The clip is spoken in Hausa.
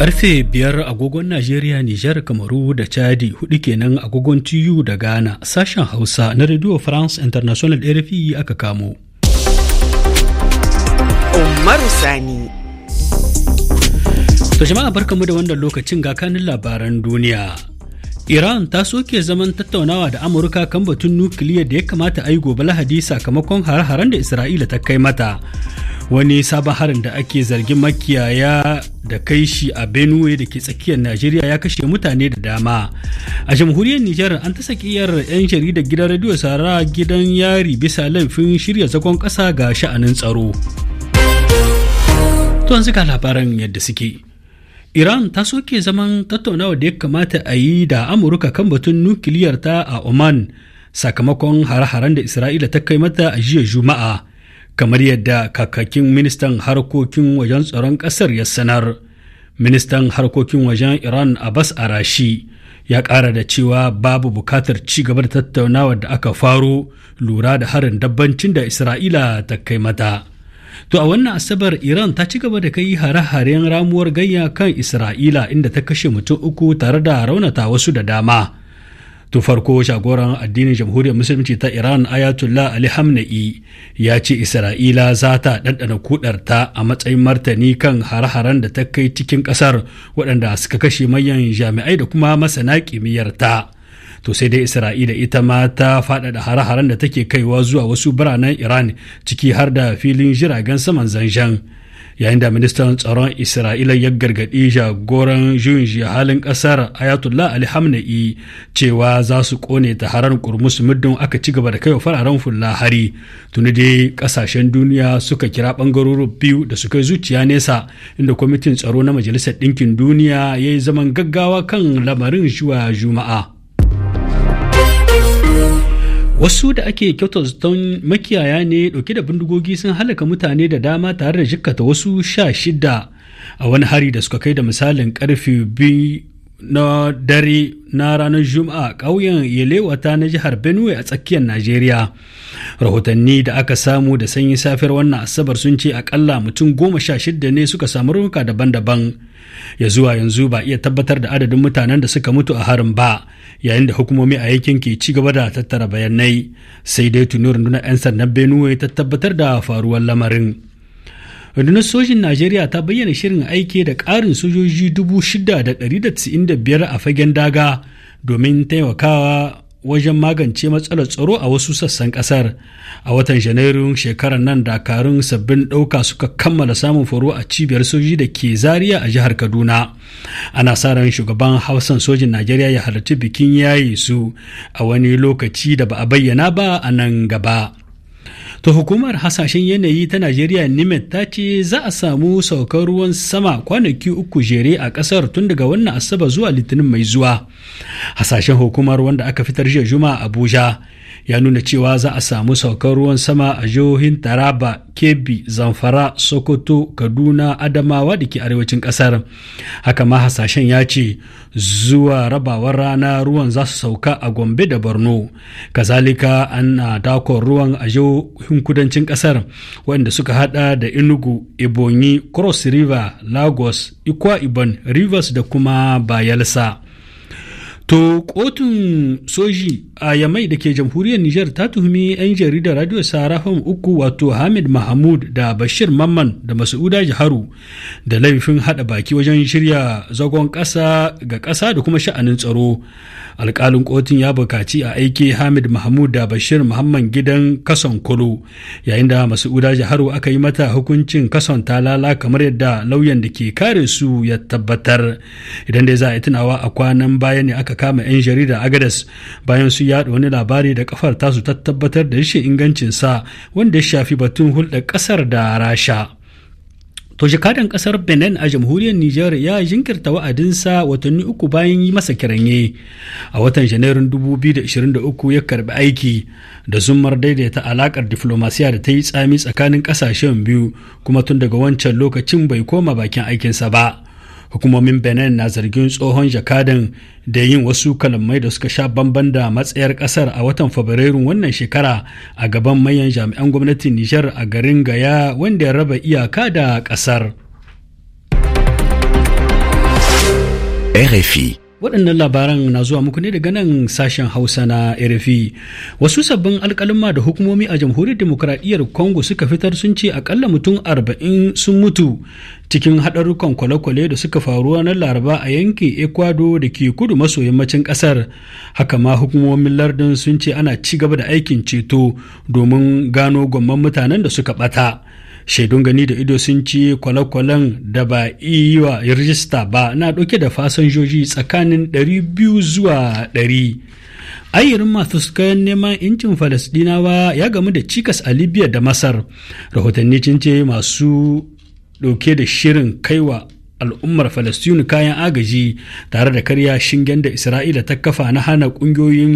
Karfe biyar agogon Najeriya, Nijar, Kamaru da Chadi hudu kenan agogon Tiyu da Ghana sashen Hausa na Radio France International RFI aka kamo. Umaru Sani. To jama'a barkamu da wannan lokacin ga kanin labaran duniya. Iran ta soke zaman tattaunawa da Amurka kan batun nukiliya da ya kamata a yi gobe Lahadi sakamakon har-haren da Isra'ila ta kai mata. wani sabon harin da ake zargin makiyaya da kai shi a benue da ke tsakiyar najeriya ya kashe mutane da dama a jamhuriyar nijar an ta sakiyar 'yan jaridar gidan rediyo sara gidan yari bisa laifin shirya zagon ƙasa ga sha'anin tsaro tuwon suka labaran yadda suke iran ta soke zaman tattaunawa da ya kamata a yi da amurka kan batun nukiliyar ta a oman sakamakon hare-haren da isra'ila ta kai mata a jiya juma'a kamar yadda kakakin ministan harkokin wajen tsaron ƙasar ya sanar ministan harkokin wajen iran abbas arashi ya ƙara da cewa babu bukatar ci gaba da tattaunawa da aka faro lura da harin dabbancin da isra'ila ta kai mata to a wannan asabar iran ta ci gaba da kai hare-haren ramuwar ganya kan isra'ila inda ta kashe mutum uku tare da raunata wasu da dama tun farko shagoran addinin jamhuriyar musulunci ta iran ayatollah ali hamna'i ya ce isra'ila za ta ɗanɗana kudarta a matsayin martani kan har haren da ta kai cikin ƙasar waɗanda suka kashe manyan jami'ai da kuma masana kimiyyar ta to sai dai isra'ila ita ma ta faɗaɗa har haren da take kaiwa zuwa wasu biranen iran ciki har da filin jiragen saman zanjan yayin da ministan tsaron isra'ila ya gargaɗi jagoran juyin halin ƙasar ayatollah ali hamna'i cewa za su ƙone taharar kurmus muddin aka ci gaba da kai wa fararen fulla hari tuni dai ƙasashen duniya suka kira ɓangarorin biyu da suka zuciya nesa inda kwamitin tsaro na majalisar ɗinkin duniya ya yi zaman gaggawa kan lamarin zuwa juma'a wasu da ake kyautar makiyaya ne dauke da bindigogi sun halaka mutane da dama tare da jikkata wasu sha shida a wani hari da suka kai da misalin karfe biyu na dare na ranar juma'a ƙauyen yalewata na jihar benue a tsakiyar najeriya rahotanni da aka samu da sanyi safiyar wannan asabar sun ce akalla mutum goma sha shida ne suka samu raunuka daban-daban ya zuwa yanzu ba iya tabbatar da adadin mutanen da suka mutu a harin ba yayin da hukumomi a yankin ke ci gaba da tattara bayanai sai dai tuni nuna 'yan sandan benue ta tabbatar da faruwar lamarin rundunar sojin najeriya ta bayyana shirin aiki da ƙarin sojoji biyar a fagen daga domin taimakawa wajen magance matsalar tsaro a wasu sassan ƙasar a watan janairun shekarar nan dakarun sabbin ɗauka suka kammala samun foro a cibiyar soji da ke zariya a jihar kaduna ana sa ran shugaban hausan sojin najeriya ya halarci bikin yayi su a wani lokaci da ba a bayyana ba a nan gaba To hukumar hasashen yanayi ta Najeriya NIMET ta ce za a samu saukar ruwan sama kwanaki uku jere a kasar tun daga wannan asaba zuwa litinin mai zuwa. Hasashen hukumar wanda aka fitar jiya Juma'a Abuja ya nuna cewa za a samu saukar ruwan sama a jihohin taraba kebbi zamfara sokoto kaduna adamawa da ke arewacin kasar haka ma hasashen ya ce zuwa rabawar rana ruwan za su sauka a gombe da borno kazalika ana dakon ruwan a jihohin kudancin kasar wanda suka hada da inugu ebonyi cross river lagos ikwa ibon rivers da kuma bayelsa To kotun soji a Yamai da ke jamhuriyar Nijar ta tuhumi 'yan jaridar Radio Sarafan uku wato Hamid Mahmud da Bashir Mamman da Masu'uda Jiharu da laifin haɗa baki wajen shirya zagon ƙasa ga ƙasa da kuma sha'anin tsaro. Alƙalin kotun ya bukaci a aiki Hamid Mahmud da Bashir Muhammad gidan kason kolo yayin da Masu'uda Jiharu aka yi mata hukuncin kason talala kamar yadda lauyan da ke kare su ya tabbatar. Idan dai za a yi tunawa a kwanan baya ne aka kama 'yan jarida agadas bayan su yada wani labari da kafar tasu ta tabbatar da rashin ingancin sa wanda ya shafi batun hulɗar ƙasar da rasha to jakadan kasar benin a jamhuriyar niger ya jinkirta wa'adinsa watanni uku bayan yi masa kiranye a watan janairun 2023 ya karbi aiki da zumar daidaita alakar diflomasiya da ta yi tsami tsakanin kasashen biyu kuma tun daga wancan lokacin bai koma bakin aikinsa ba hukumomin benin na zargin tsohon jakadan da yin wasu kalamai da suka sha bamban da matsayar kasar a watan fabrairun wannan shekara a gaban manyan jami'an gwamnatin nijar a garin gaya wanda ya raba iyaka da kasar RFI waɗannan labaran na zuwa muku ne daga nan sashen hausa na rfi wasu sabbin alkalima da hukumomi a jamhuriyar demokuraɗiyyar congo suka fitar sun ce akalla mutum arba'in sun mutu cikin haɗarukan kwale-kwale da suka faru ranar laraba a yankin ecuador da ke kudu maso yammacin ƙasar haka ma hukumomin lardin sun ce ana ci gaba da aikin ceto domin gano gwamman mutanen da suka ɓata shaidun gani da ido sun ci kwale-kwalen da ba iya rijista ba na ɗauke da fasinjoji tsakanin 200 zuwa 100 ayyarin masu kayan neman incin falasdinawa ya gamu da cikas a libya da masar rahotanni cin masu ɗauke da shirin kaiwa al'ummar falastinu kayan agaji tare da karya shingen da isra'ila ta kafa na hana ƙungiyoyin